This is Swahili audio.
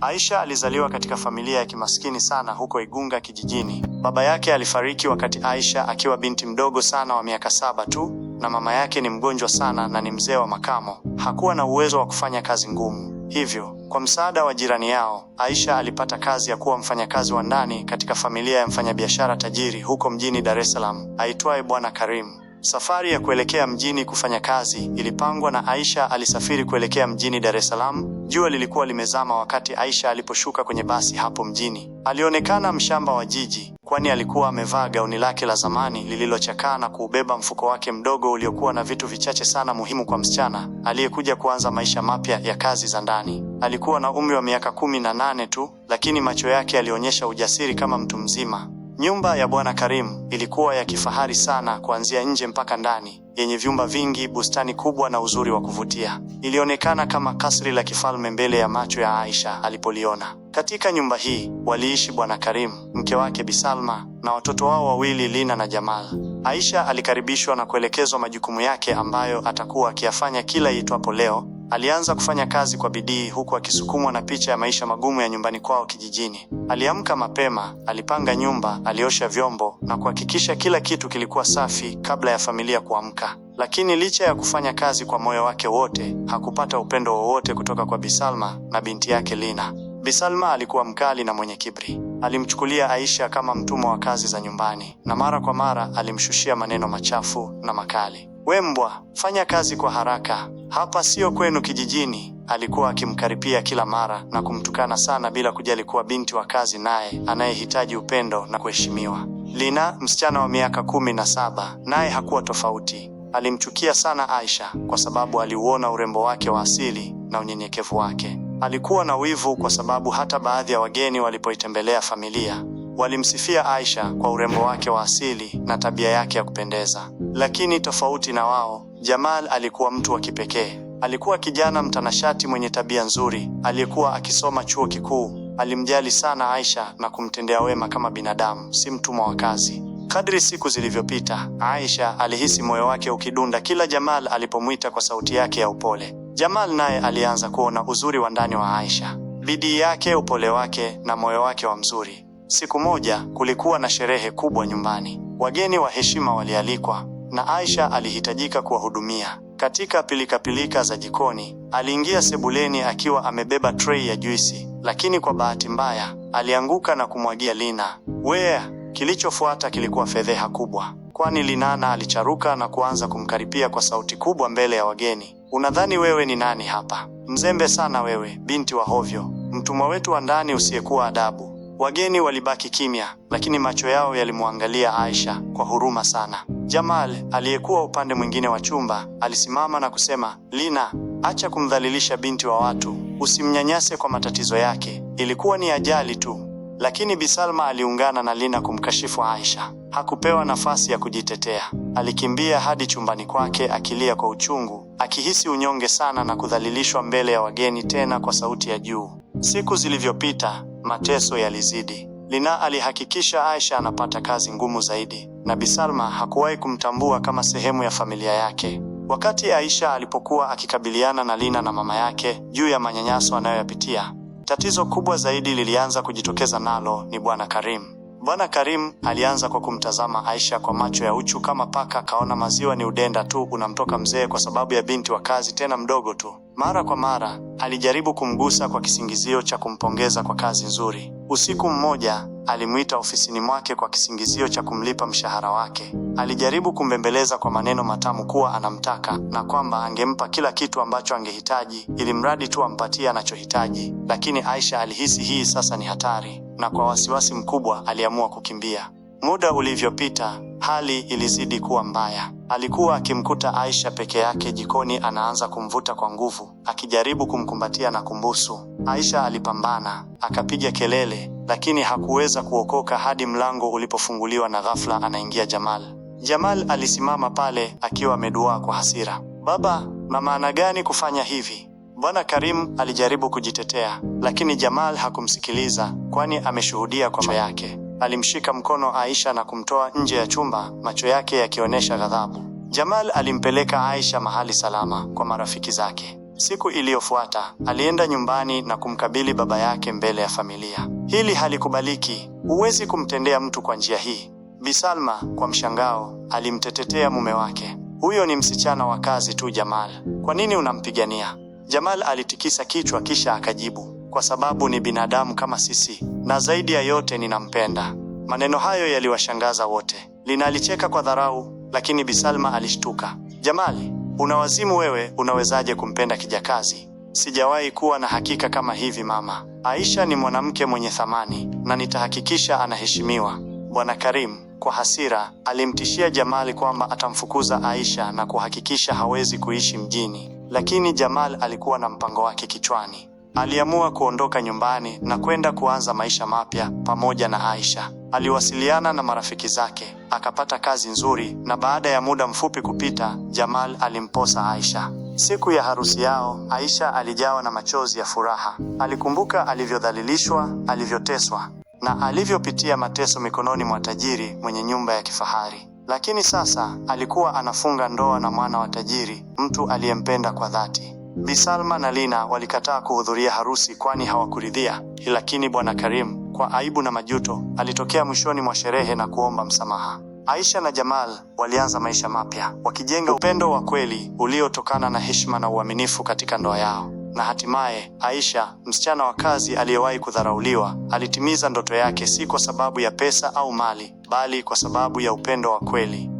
Aisha alizaliwa katika familia ya kimaskini sana huko Igunga kijijini. Baba yake alifariki wakati Aisha akiwa binti mdogo sana wa miaka saba tu, na mama yake ni mgonjwa sana na ni mzee wa makamo. Hakuwa na uwezo wa kufanya kazi ngumu, hivyo kwa msaada wa jirani yao, Aisha alipata kazi ya kuwa mfanyakazi wa ndani katika familia ya mfanyabiashara tajiri huko mjini Dar es Salaam aitwaye Bwana Karim. Safari ya kuelekea mjini kufanya kazi ilipangwa na Aisha alisafiri kuelekea mjini Dar es Salaam. Jua lilikuwa limezama wakati Aisha aliposhuka kwenye basi hapo mjini. Alionekana mshamba wa jiji, kwani alikuwa amevaa gauni lake la zamani lililochakaa na kuubeba mfuko wake mdogo uliokuwa na vitu vichache sana muhimu kwa msichana aliyekuja kuanza maisha mapya ya kazi za ndani. Alikuwa na umri wa miaka kumi na nane tu, lakini macho yake yalionyesha ujasiri kama mtu mzima. Nyumba ya Bwana Karim ilikuwa ya kifahari sana kuanzia nje mpaka ndani, yenye vyumba vingi, bustani kubwa na uzuri wa kuvutia. Ilionekana kama kasri la kifalme mbele ya macho ya Aisha alipoliona. Katika nyumba hii waliishi Bwana Karim, mke wake Bisalma na watoto wao wawili Lina na Jamal. Aisha alikaribishwa na kuelekezwa majukumu yake ambayo atakuwa akiyafanya kila itwapo leo. Alianza kufanya kazi kwa bidii huku akisukumwa na picha ya maisha magumu ya nyumbani kwao kijijini. Aliamka mapema, alipanga nyumba, aliosha vyombo na kuhakikisha kila kitu kilikuwa safi kabla ya familia kuamka. Lakini licha ya kufanya kazi kwa moyo wake wote, hakupata upendo wowote kutoka kwa Bisalma na binti yake Lina. Bisalma alikuwa mkali na mwenye kiburi. Alimchukulia Aisha kama mtumwa wa kazi za nyumbani na mara kwa mara alimshushia maneno machafu na makali. Wembwa, fanya kazi kwa haraka, hapa sio kwenu kijijini. Alikuwa akimkaripia kila mara na kumtukana sana bila kujali kuwa binti wa kazi naye anayehitaji upendo na kuheshimiwa. Lina, msichana wa miaka kumi na saba, naye hakuwa tofauti. Alimchukia sana Aisha kwa sababu aliuona urembo wake wa asili na unyenyekevu wake. Alikuwa na wivu kwa sababu hata baadhi ya wageni walipoitembelea familia Walimsifia Aisha kwa urembo wake wa asili na tabia yake ya kupendeza. Lakini tofauti na wao, Jamal alikuwa mtu wa kipekee. Alikuwa kijana mtanashati mwenye tabia nzuri, aliyekuwa akisoma chuo kikuu. Alimjali sana Aisha na kumtendea wema kama binadamu, si mtumwa wa kazi. Kadri siku zilivyopita, Aisha alihisi moyo wake ukidunda kila Jamal alipomwita kwa sauti yake ya upole. Jamal naye alianza kuona uzuri wa ndani wa Aisha, bidii yake, upole wake na moyo wake wa mzuri. Siku moja kulikuwa na sherehe kubwa nyumbani. Wageni wa heshima walialikwa na Aisha alihitajika kuwahudumia. Katika pilikapilika -pilika za jikoni, aliingia sebuleni akiwa amebeba trei ya juisi, lakini kwa bahati mbaya alianguka na kumwagia Lina. Wea, kilichofuata kilikuwa fedheha kubwa, kwani Linana alicharuka na kuanza kumkaripia kwa sauti kubwa mbele ya wageni. Unadhani wewe ni nani hapa? Mzembe sana wewe, binti wa hovyo, mtumwa wetu wa ndani usiyekuwa adabu. Wageni walibaki kimya, lakini macho yao yalimwangalia Aisha kwa huruma sana. Jamal aliyekuwa upande mwingine wa chumba alisimama na kusema, Lina, acha kumdhalilisha binti wa watu, usimnyanyase kwa matatizo yake, ilikuwa ni ajali tu. Lakini Bisalma aliungana na Lina kumkashifu Aisha. Hakupewa nafasi ya kujitetea, alikimbia hadi chumbani kwake akilia kwa uchungu, akihisi unyonge sana na kudhalilishwa mbele ya wageni tena kwa sauti ya juu. Siku zilivyopita Mateso yalizidi. Lina alihakikisha Aisha anapata kazi ngumu zaidi, na Bisalma hakuwahi kumtambua kama sehemu ya familia yake. Wakati Aisha alipokuwa akikabiliana na Lina na mama yake juu ya manyanyaso anayoyapitia, tatizo kubwa zaidi lilianza kujitokeza, nalo ni Bwana Karim. Bwana Karim alianza kwa kumtazama Aisha kwa macho ya uchu kama paka kaona maziwa ni udenda tu unamtoka mzee kwa sababu ya binti wa kazi, tena mdogo tu. Mara kwa mara alijaribu kumgusa kwa kisingizio cha kumpongeza kwa kazi nzuri. Usiku mmoja alimwita ofisini mwake kwa kisingizio cha kumlipa mshahara wake. Alijaribu kumbembeleza kwa maneno matamu kuwa anamtaka na kwamba angempa kila kitu ambacho angehitaji ili mradi tu ampatie anachohitaji, lakini Aisha alihisi hii sasa ni hatari, na kwa wasiwasi mkubwa aliamua kukimbia. Muda ulivyopita, hali ilizidi kuwa mbaya. Alikuwa akimkuta Aisha peke yake jikoni, anaanza kumvuta kwa nguvu, akijaribu kumkumbatia na kumbusu. Aisha alipambana, akapiga kelele, lakini hakuweza kuokoka hadi mlango ulipofunguliwa na ghafla anaingia Jamal. Jamal alisimama pale akiwa ameduaa kwa hasira. Baba, na maana gani kufanya hivi? Bwana Karim alijaribu kujitetea, lakini Jamal hakumsikiliza, kwani ameshuhudia kwa macho yake. Alimshika mkono Aisha na kumtoa nje ya chumba, macho yake yakionyesha ghadhabu. Jamal alimpeleka Aisha mahali salama kwa marafiki zake. Siku iliyofuata alienda nyumbani na kumkabili baba yake mbele ya familia. Hili halikubaliki, huwezi kumtendea mtu kwa njia hii. Bi Salma kwa mshangao alimtetetea mume wake. Huyo ni msichana wa kazi tu Jamal, kwa nini unampigania? Jamal alitikisa kichwa kisha akajibu kwa sababu ni binadamu kama sisi, na zaidi ya yote ninampenda. Maneno hayo yaliwashangaza wote. Lina alicheka kwa dharau, lakini Bisalma alishtuka. Jamali, una wazimu wewe, unawezaje kumpenda kijakazi? Sijawahi kuwa na hakika kama hivi mama. Aisha ni mwanamke mwenye thamani na nitahakikisha anaheshimiwa. Bwana Karim kwa hasira alimtishia Jamal kwamba atamfukuza Aisha na kuhakikisha hawezi kuishi mjini, lakini Jamal alikuwa na mpango wake kichwani. Aliamua kuondoka nyumbani na kwenda kuanza maisha mapya pamoja na Aisha. Aliwasiliana na marafiki zake, akapata kazi nzuri na baada ya muda mfupi kupita, Jamal alimposa Aisha. Siku ya harusi yao, Aisha alijawa na machozi ya furaha. Alikumbuka alivyodhalilishwa, alivyoteswa na alivyopitia mateso mikononi mwa tajiri mwenye nyumba ya kifahari. Lakini sasa alikuwa anafunga ndoa na mwana wa tajiri, mtu aliyempenda kwa dhati. Bi Salma na Lina walikataa kuhudhuria harusi kwani hawakuridhia, lakini Bwana Karim kwa aibu na majuto alitokea mwishoni mwa sherehe na kuomba msamaha. Aisha na Jamal walianza maisha mapya wakijenga upendo wa kweli uliotokana na heshima na uaminifu katika ndoa yao. Na hatimaye Aisha, msichana wa kazi aliyewahi kudharauliwa, alitimiza ndoto yake si kwa sababu ya pesa au mali, bali kwa sababu ya upendo wa kweli.